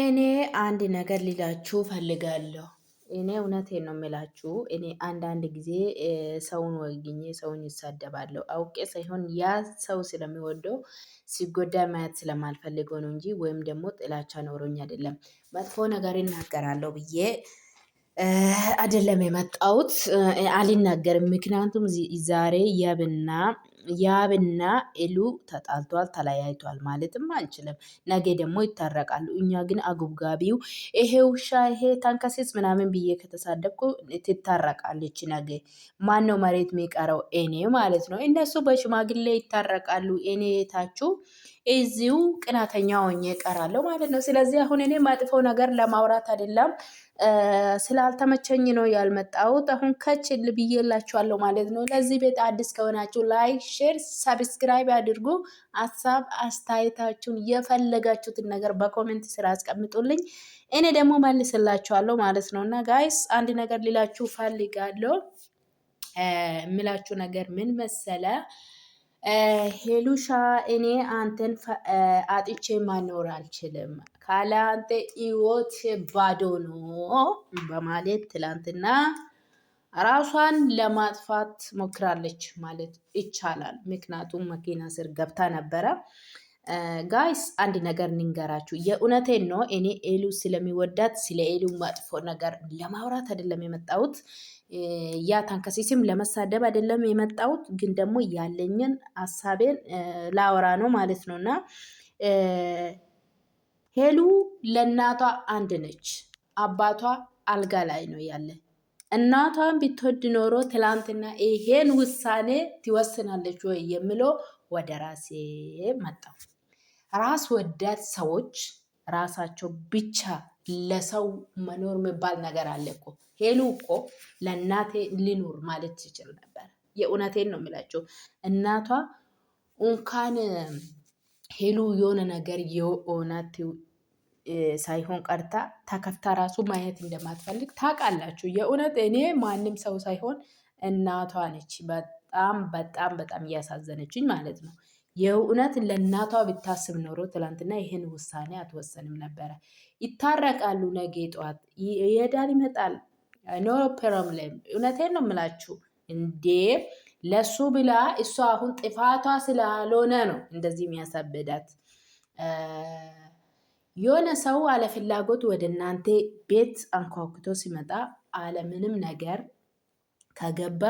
እኔ አንድ ነገር ሊላችሁ ፈልጋለሁ። እኔ እውነቴ ነው የምላችሁ። እኔ አንዳንድ ጊዜ ሰውን ወግኜ ሰውን ይሳደባለሁ አውቄ ሳይሆን ያ ሰው ስለሚወደው ሲጎዳ ማየት ስለማልፈልገው ነው እንጂ ወይም ደግሞ ጥላቻ ኖሮኝ አይደለም። መጥፎ ነገር እናገራለሁ ብዬ አይደለም የመጣሁት አልናገርም። ምክንያቱም ዛሬ የብና። ያብና ኤሉ ተጣልቷል፣ ተለያይቷል ማለትም አንችልም ነገ ደግሞ ይታረቃሉ። እኛ ግን አጉብጋቢው ይሄ ውሻ ይሄ ታንከሴስ ምናምን ብዬ ከተሳደብኩ ትታረቃለች። ነገ ማን ነው መሬት የሚቀረው? እኔ ማለት ነው። እነሱ በሽማግሌ ይታረቃሉ። እኔ የታችሁ እዚሁ ቅናተኛ ሆኜ እቀራለሁ ማለት ነው። ስለዚህ አሁን እኔ መጥፎ ነገር ለማውራት አይደለም ስላልተመቸኝ ነው ያልመጣሁት። አሁን ከችል ብዬላችኋለሁ ማለት ነው። ለዚህ ቤት አዲስ ከሆናችሁ ላይ ሼር፣ ሰብስክራይብ አድርጉ ሀሳብ አስተያየታችሁን፣ የፈለጋችሁትን ነገር በኮሜንት ስራ አስቀምጡልኝ፣ እኔ ደግሞ መልስላችኋለሁ ማለት ነው። እና ጋይስ አንድ ነገር ሊላችሁ ፈልጋለሁ። የምላችሁ ነገር ምን መሰለ ሄሉሻ እኔ አንተን አጥቼ ማኖር አልችልም፣ ካለ አንተ ሕይወት ባዶ ነው በማለት ትላንትና ራሷን ለማጥፋት ሞክራለች ማለት ይቻላል። ምክንያቱም መኪና ስር ገብታ ነበረ። ጋይስ አንድ ነገር ንንገራችሁ፣ የእውነቴን ነው። እኔ ኤሉ ስለሚወዳት ስለ ኤሉ መጥፎ ነገር ለማውራት አይደለም የመጣሁት። ያ ታንከሲስም ለመሳደብ አይደለም የመጣሁት፣ ግን ደግሞ ያለኝን ሀሳቤን ላወራ ነው ማለት ነው። እና ሄሉ ለእናቷ አንድ ነች፣ አባቷ አልጋ ላይ ነው ያለ እናቷን ብትወድ ኖሮ ትላንትና ይሄን ውሳኔ ትወስናለች ወይ የምለው ወደ ራሴ መጣው። ራስ ወዳድ ሰዎች ራሳቸው ብቻ ለሰው መኖር የሚባል ነገር አለ እኮ። ሄሉ እኮ ለእናቴ ሊኖር ማለት ይችል ነበር። የእውነቴን ነው የሚላቸው እናቷ እንኳን ሄሉ የሆነ ነገር የእውነት ሳይሆን ቀርታ ተከፍታ ራሱ ማየት እንደማትፈልግ ታውቃላችሁ። የእውነት እኔ ማንም ሰው ሳይሆን እናቷ ነች። በጣም በጣም በጣም እያሳዘነችኝ ማለት ነው። የእውነት ለእናቷ ብታስብ ኖሮ ትላንትና ይህን ውሳኔ አትወሰንም ነበረ። ይታረቃሉ፣ ነገ ጠዋት የዳን ይመጣል። ኖ ፕሮብሌም። እውነቴን ነው የምላችሁ እንዴ ለሱ ብላ እሷ አሁን ጥፋቷ ስላልሆነ ነው እንደዚህ የሚያሳብዳት። የሆነ ሰው አለፍላጎት ወደ እናንተ ቤት አንኳኩቶ ሲመጣ አለምንም ነገር ከገባ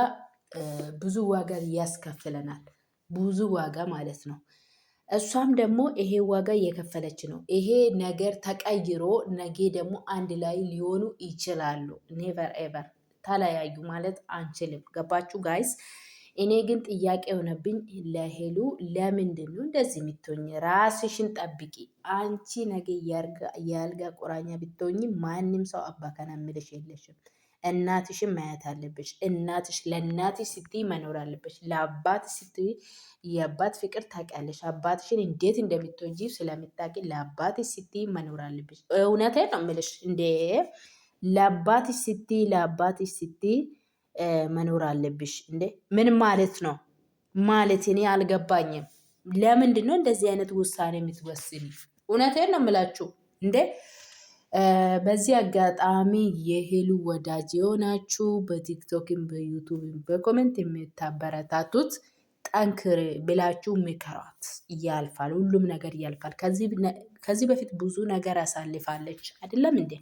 ብዙ ዋጋ ያስከፍለናል። ብዙ ዋጋ ማለት ነው። እሷም ደግሞ ይሄ ዋጋ እየከፈለች ነው። ይሄ ነገር ተቀይሮ ነጌ ደግሞ አንድ ላይ ሊሆኑ ይችላሉ። ኔቨር ኤቨር ተለያዩ ማለት አንችልም። ገባችሁ ጋይስ? እኔ ግን ጥያቄ የሆነብኝ ለሄሉ ለምንድን ነው እንደዚህ የምትሆኝ? ራስሽን ጠብቂ። አንቺ ነገ የአልጋ ቁራኛ ብትሆኝ ማንም ሰው አባከና ምልሽ የለሽም። እናትሽን ማየት አለብሽ። እናትሽ ለእናትሽ ስትይ መኖር አለብሽ። ለአባት ስትይ የአባት ፍቅር ታውቂያለሽ። አባትሽን እንዴት እንደምትወጂ ስለምታውቂ ለአባት ስትይ መኖር አለብሽ። እውነቴን ነው የምልሽ። እንዴ ለአባት ስትይ ለአባት ስትይ መኖር አለብሽ። እንዴ ምን ማለት ነው ማለት እኔ አልገባኝም። ለምንድን ነው እንደዚህ አይነት ውሳኔ የምትወስኒ? እውነቴን ነው የምላችሁ እንዴ በዚህ አጋጣሚ የሄሉ ወዳጅ የሆናችሁ በቲክቶክም በዩቱብም በኮሜንት የምታበረታቱት ጠንክር ብላችሁ ምከሯት። እያልፋል፣ ሁሉም ነገር እያልፋል። ከዚህ በፊት ብዙ ነገር አሳልፋለች አይደለም እንዴ?